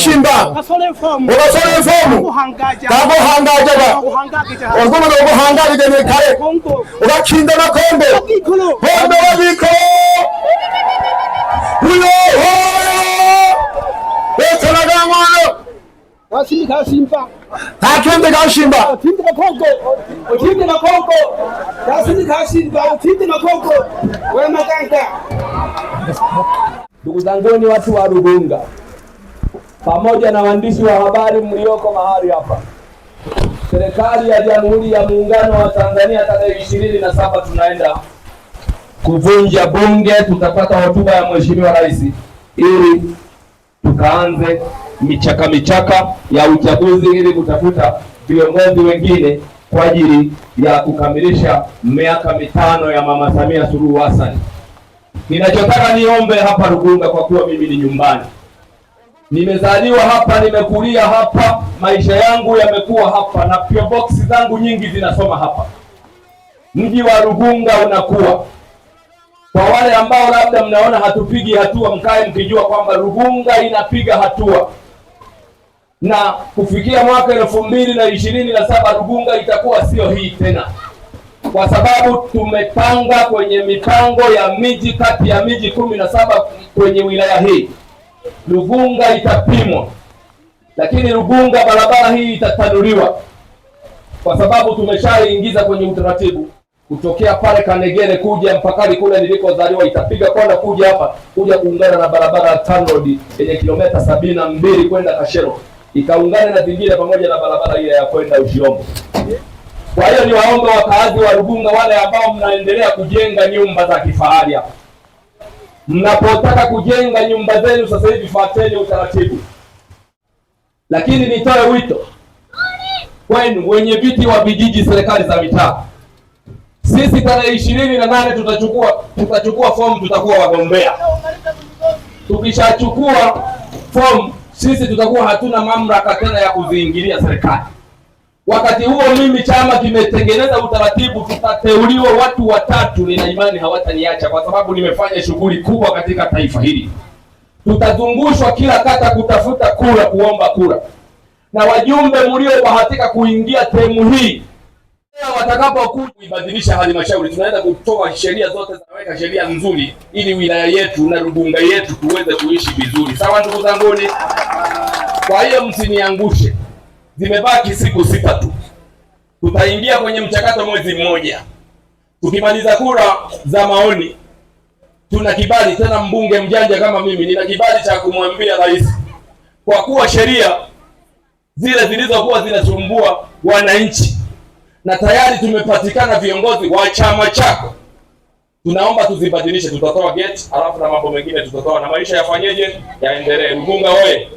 oshimba okasole enfomu kaguhangajaga ogubuga oguhangabige nikale ugakinda nakombe bombe wabiko uyoho ekanagangwano kakende kashimba ndugu zanguni watu wa Rugunga pamoja na waandishi wa habari mlioko mahali hapa, serikali ya Jamhuri ya Muungano wa Tanzania, tarehe ishirini na saba tunaenda kuvunja bunge, tutapata hotuba ya mheshimiwa rais ili tukaanze michaka michaka ya uchaguzi ili kutafuta viongozi wengine kwa ajili ya kukamilisha miaka mitano ya Mama Samia Suluhu Hassan. Ninachotaka niombe hapa Rugunga, kwa kuwa mimi ni nyumbani Nimezaliwa hapa, nimekulia hapa, maisha yangu yamekuwa hapa, na pia box zangu nyingi zinasoma hapa. Mji wa Rugunga unakuwa. Kwa wale ambao labda mnaona hatupigi hatua, mkae mkijua kwamba Rugunga inapiga hatua, na kufikia mwaka elfu mbili na ishirini na saba Rugunga itakuwa sio hii tena, kwa sababu tumepanga kwenye mipango ya miji kati ya miji kumi na saba kwenye wilaya hii Rugunga itapimwa, lakini Rugunga barabara hii itatanuliwa, kwa sababu tumeshaingiza kwenye utaratibu kutokea pale Kanegere kuja mpakani kule nilikozaliwa, itapiga kona kuja hapa kuja kuungana na barabara ya TANROADS yenye kilomita sabini na mbili kwenda Kashero, ikaungana na zingine pamoja na barabara ile ya kwenda Ushirombo. Kwa hiyo waomba wakaazi wa Rugunga, wale ambao mnaendelea kujenga nyumba za kifahari hapa Mnapotaka kujenga nyumba zenu sasa hivi fuateni utaratibu, lakini nitoe wito kwenu wenye viti wa vijiji, serikali za mitaa. Sisi tarehe ishirini na nane tutachukua tutachukua fomu, tutakuwa wagombea. Tukishachukua fomu, sisi tutakuwa hatuna mamlaka tena ya kuziingilia serikali. Wakati huo mimi chama kimetengeneza utaratibu, tutateuliwa watu watatu. Nina imani hawataniacha kwa sababu nimefanya shughuli kubwa katika taifa hili. Tutazungushwa kila kata kutafuta kura, kuomba kura, na wajumbe mliobahatika kuingia sehemu hii watakapokuja kuibadilisha halmashauri, tunaenda kutoa sheria zote, zinaweka sheria nzuri ili wilaya yetu na Rugunga yetu tuweze kuishi vizuri. Sawa ndugu zanguni, kwa hiyo msiniangushe zimebaki siku sita tu, tutaingia kwenye mchakato mwezi mmoja. Tukimaliza kura za maoni, tuna kibali tena. Mbunge mjanja kama mimi, nina kibali cha kumwambia rais, kwa kuwa sheria zile zilizokuwa zinasumbua wananchi na tayari tumepatikana viongozi wa chama chako, tunaomba tuzibadilishe. Tutatoa geti, halafu na mambo mengine tutatoa, na maisha yafanyeje? Yaendelee. Mbunge oye!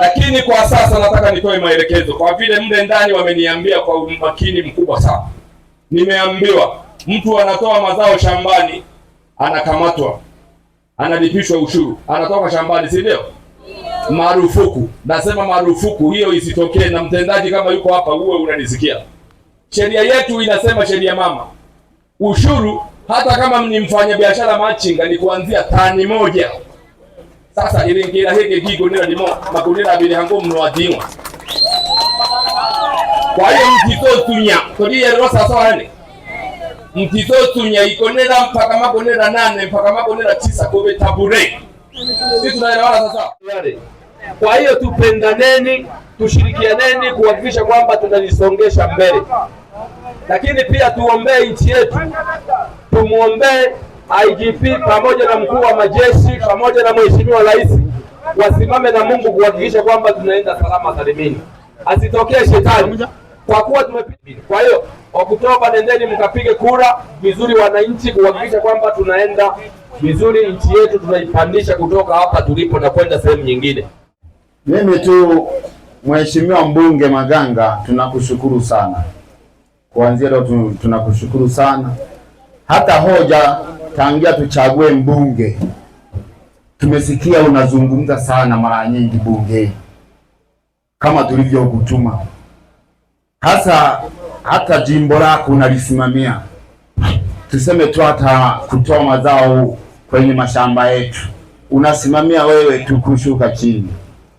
lakini kwa sasa nataka nitoe maelekezo, kwa vile mle ndani wameniambia kwa umakini mkubwa sana. Nimeambiwa mtu anatoa mazao shambani, anakamatwa, analipishwa ushuru, anatoka shambani, si ndio? Marufuku. Nasema marufuku hiyo isitokee, na mtendaji kama yuko hapa, uwe unanisikia. Sheria yetu inasema, sheria mama, ushuru hata kama ni mfanyabiashara machinga, ni kuanzia tani moja sasa ilingira hege gigunira ndimo magunira abiri hango mno kwa hiyo mtizo tunya kodi ya rosa sawane mtizo tunya ikonera mpaka magonera nane mpaka magonera tisa kobe tabure sisi tunaelewana sasa yale kwa hiyo tupendaneni tushirikianeni kuhakikisha kwamba tunalisongesha mbele lakini pia tuombee nchi yetu tumuombee IGP pamoja na mkuu wa majeshi pamoja na mheshimiwa rais wasimame na Mungu kuhakikisha kwamba tunaenda salama salimini, asitokee shetani kwa kuwa tumepita. Kwa hiyo Oktoba, nendeni mkapige kura vizuri, wananchi, kuhakikisha kwamba tunaenda vizuri, nchi yetu tunaipandisha kutoka hapa tulipo na kwenda sehemu nyingine. Mimi tu Mheshimiwa mbunge Maganga, tunakushukuru sana kuanzia leo, tunakushukuru sana hata hoja tangia tuchague mbunge, tumesikia unazungumza sana mara nyingi bunge, kama tulivyokutuma hasa. Hata jimbo lako unalisimamia, tuseme tu, hata kutoa mazao kwenye mashamba yetu unasimamia wewe tukushuka chini.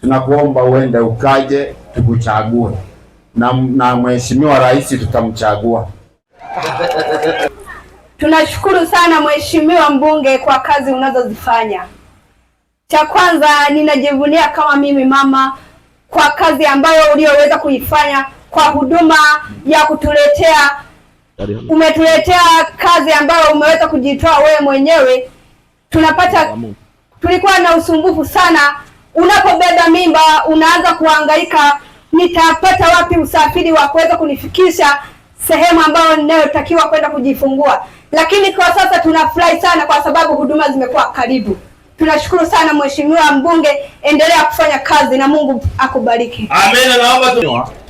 Tunakuomba uende ukaje tukuchague na, na mheshimiwa rais tutamchagua Tunashukuru sana mheshimiwa mbunge kwa kazi unazozifanya. Cha kwanza ninajivunia kama mimi mama kwa kazi ambayo ulioweza kuifanya kwa huduma ya kutuletea, umetuletea kazi ambayo umeweza kujitoa wewe mwenyewe. Tunapata, tulikuwa na usumbufu sana, unapobeba mimba unaanza kuhangaika, nitapata wapi usafiri wa kuweza kunifikisha sehemu ambayo ninayotakiwa kwenda kujifungua lakini kwa sasa tunafurahi sana kwa sababu huduma zimekuwa karibu. Tunashukuru sana mheshimiwa mbunge, endelea kufanya kazi na Mungu akubariki. Amen. Naomba